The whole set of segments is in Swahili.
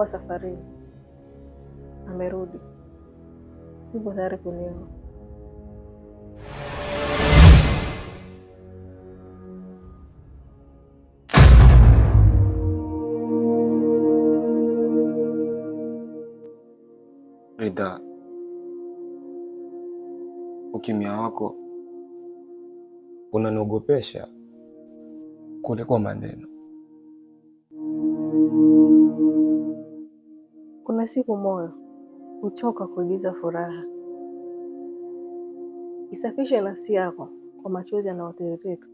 alikuwa safarini, amerudi, yuko tayari kunioa. Ridhaa, ukimya wako unaniogopesha kuliko maneno. Kuna siku moyo huchoka kuigiza furaha. Isafishe nafsi yako kwa machozi yanayotiririka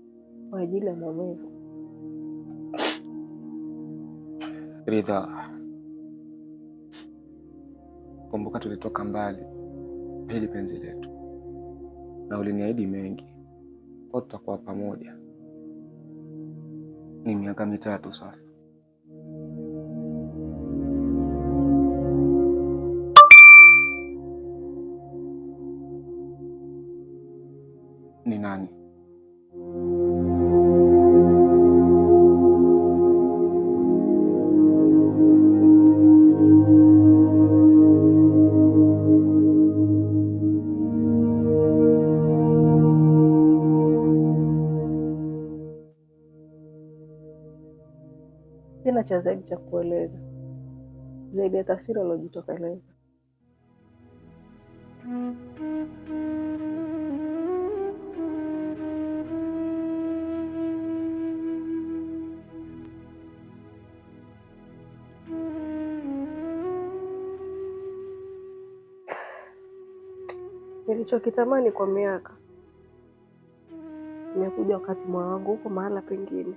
kwa ajili ya maumivu. Ridhaa, kumbuka tulitoka mbali hili penzi letu, na uliniahidi mengi kwa tutakuwa pamoja. Ni miaka mitatu sasa. cha zaidi cha kueleza zaidi ya taswira aliojitokeleza. Nilichokitamani kwa miaka imekuja wakati mwawangu huko mahala pengine.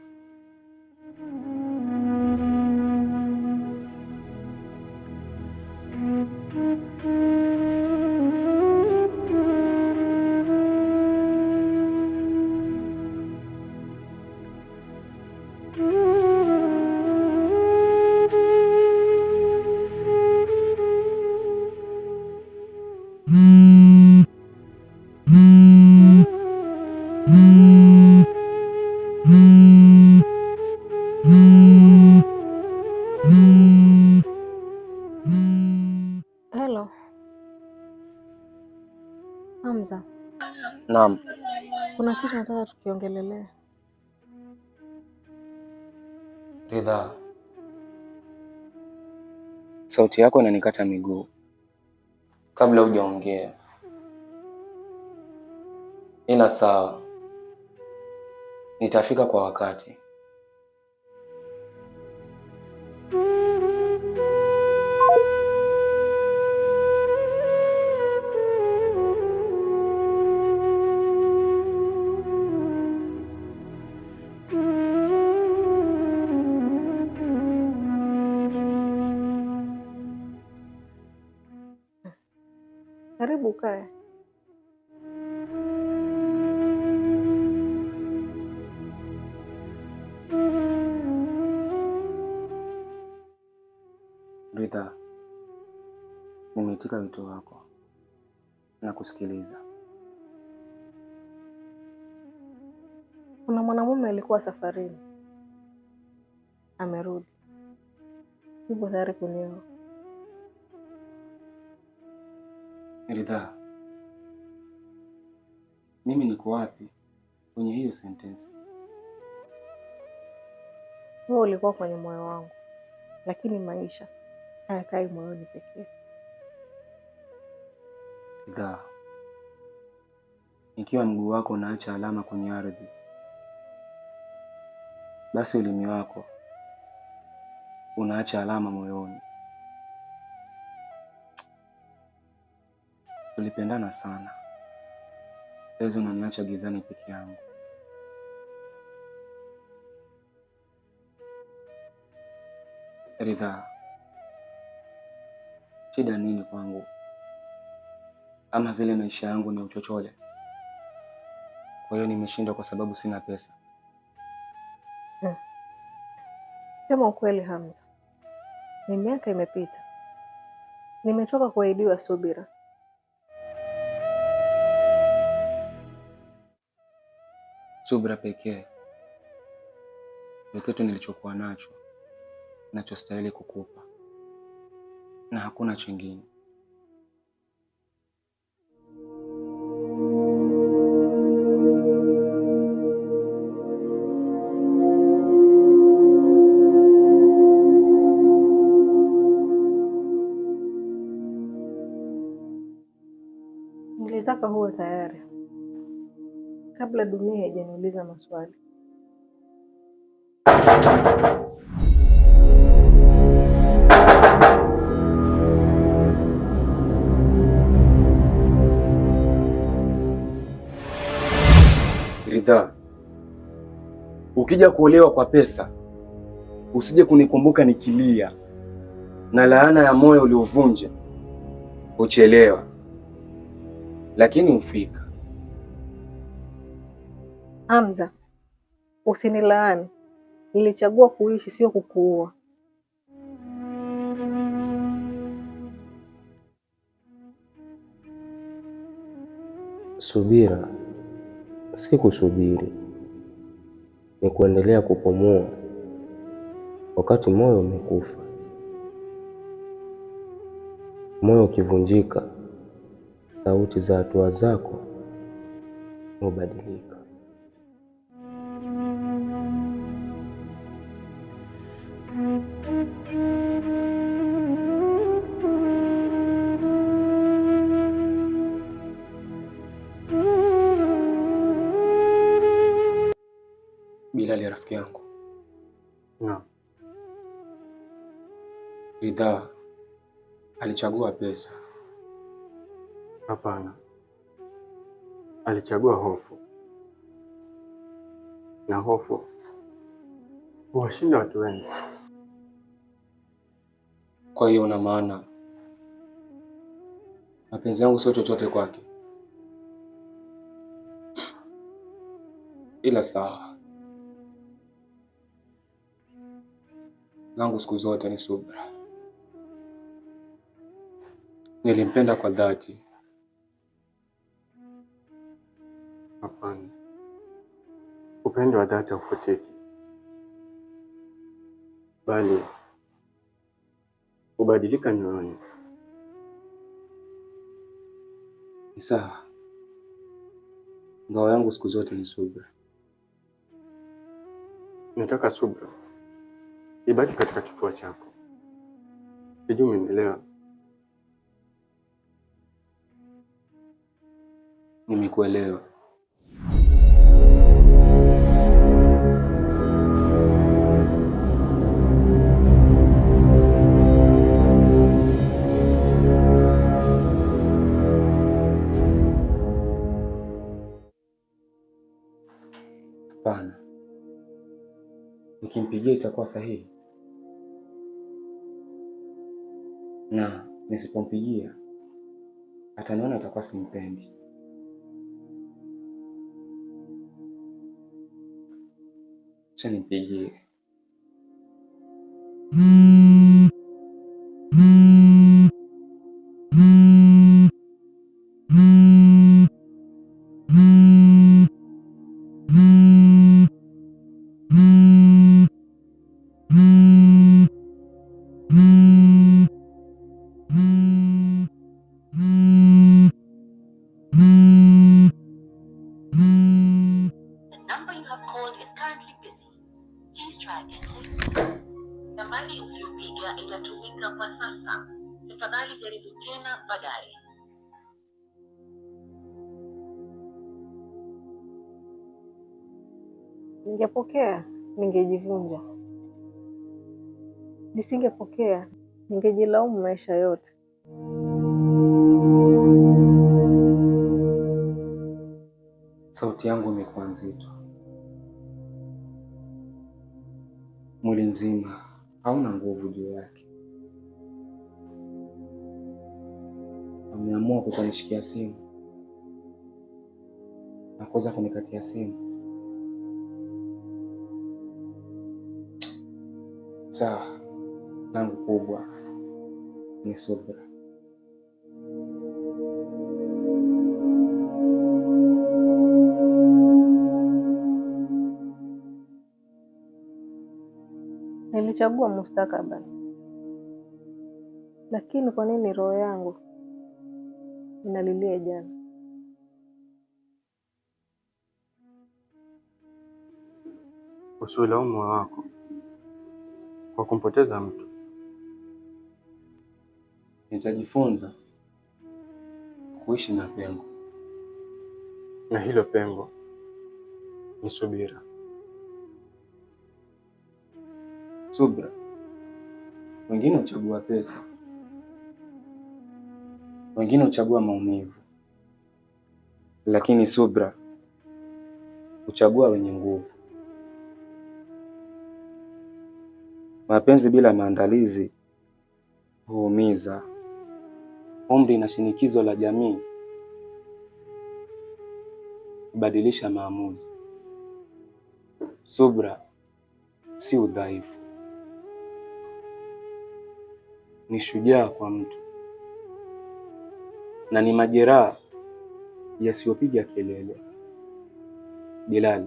Naam. Kuna kitu nataka tukiongelelea. Ridhaa, sauti yako inanikata miguu. Kabla hujaongea, ila sawa, nitafika kwa wakati. चुका है Ridhaa, umeitika wito wako na kusikiliza. Kuna mwanamume alikuwa safarini, amerudi, yupo tayari kunioa. Ridhaa, mimi niko wapi kwenye hiyo sentensi? Wewe ulikuwa kwenye moyo wangu, lakini maisha hayakai moyoni pekee. Ridhaa, ikiwa mguu wako unaacha alama kwenye ardhi, basi ulimi wako unaacha alama moyoni. Tulipendana sana. Saizi unaniacha gizani peke yangu. Ridhaa, shida nini kwangu? Ama vile maisha yangu ni uchochole? Kwa hiyo nimeshindwa kwa sababu sina pesa? Hmm. Sema ukweli Hamza, ni miaka imepita, nimechoka kuahidiwa subira subra pekee ni kitu nilichokuwa nacho nachostahili kukupa na hakuna chingine. Nilitaka huwe tayari kabla dunia haijaniuliza maswali. Ridhaa, ukija kuolewa kwa pesa usije kunikumbuka nikilia, na laana ya moyo uliovunja. Uchelewa lakini ufika. Hamza, usinilaani. Nilichagua kuishi, sio kukuua. Subira si kusubiri, ni kuendelea kupumua wakati moyo umekufa. Moyo ukivunjika, sauti za hatua zako hubadilika. Naam. Ridhaa alichagua pesa? Hapana, alichagua hofu, na hofu huwashinda watu wengi. Kwa hiyo una maana mapenzi yangu sio chochote kwake? Ila sawa langu siku zote ni subra. Nilimpenda kwa dhati. Hapana, upendo wa dhati haufutiki, bali hubadilika nyoyoni. Ni sawa, ngao yangu siku zote ni subra. Nataka subra ibaki katika kifua chako. Sijui umenielewa? Nimekuelewa. Hapana, nikimpigia itakuwa sahihi? na nisipompigia ataniona, atakuwa simpendi. Acha is currently busy. Please try again. later. The Nambari uliyopiga inatumika kwa sasa. Tafadhali jaribu tena baadaye. Ningepokea ningejivunja, nisingepokea ningejilaumu maisha yote. Sauti yangu imekuwa nzito. mwili mzima hauna nguvu juu yake. Ameamua kutanishikia simu na kuweza kunikatia simu. Sawa, langu kubwa ni subira. Nilichagua mustakabali, lakini kwa nini roho yangu inalilia jana? Usiulaumu moyo wako kwa kumpoteza mtu. Nitajifunza kuishi na pengo, na hilo pengo ni subira. subra, wengine huchagua pesa, wengine huchagua maumivu, lakini subra huchagua wenye nguvu. Mapenzi bila maandalizi huumiza. Umri na shinikizo la jamii hubadilisha maamuzi. Subra si udhaifu. ni shujaa kwa mtu na ni majeraha yasiyopiga kelele. Bilali,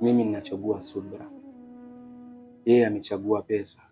mimi ninachagua subra, yeye amechagua pesa.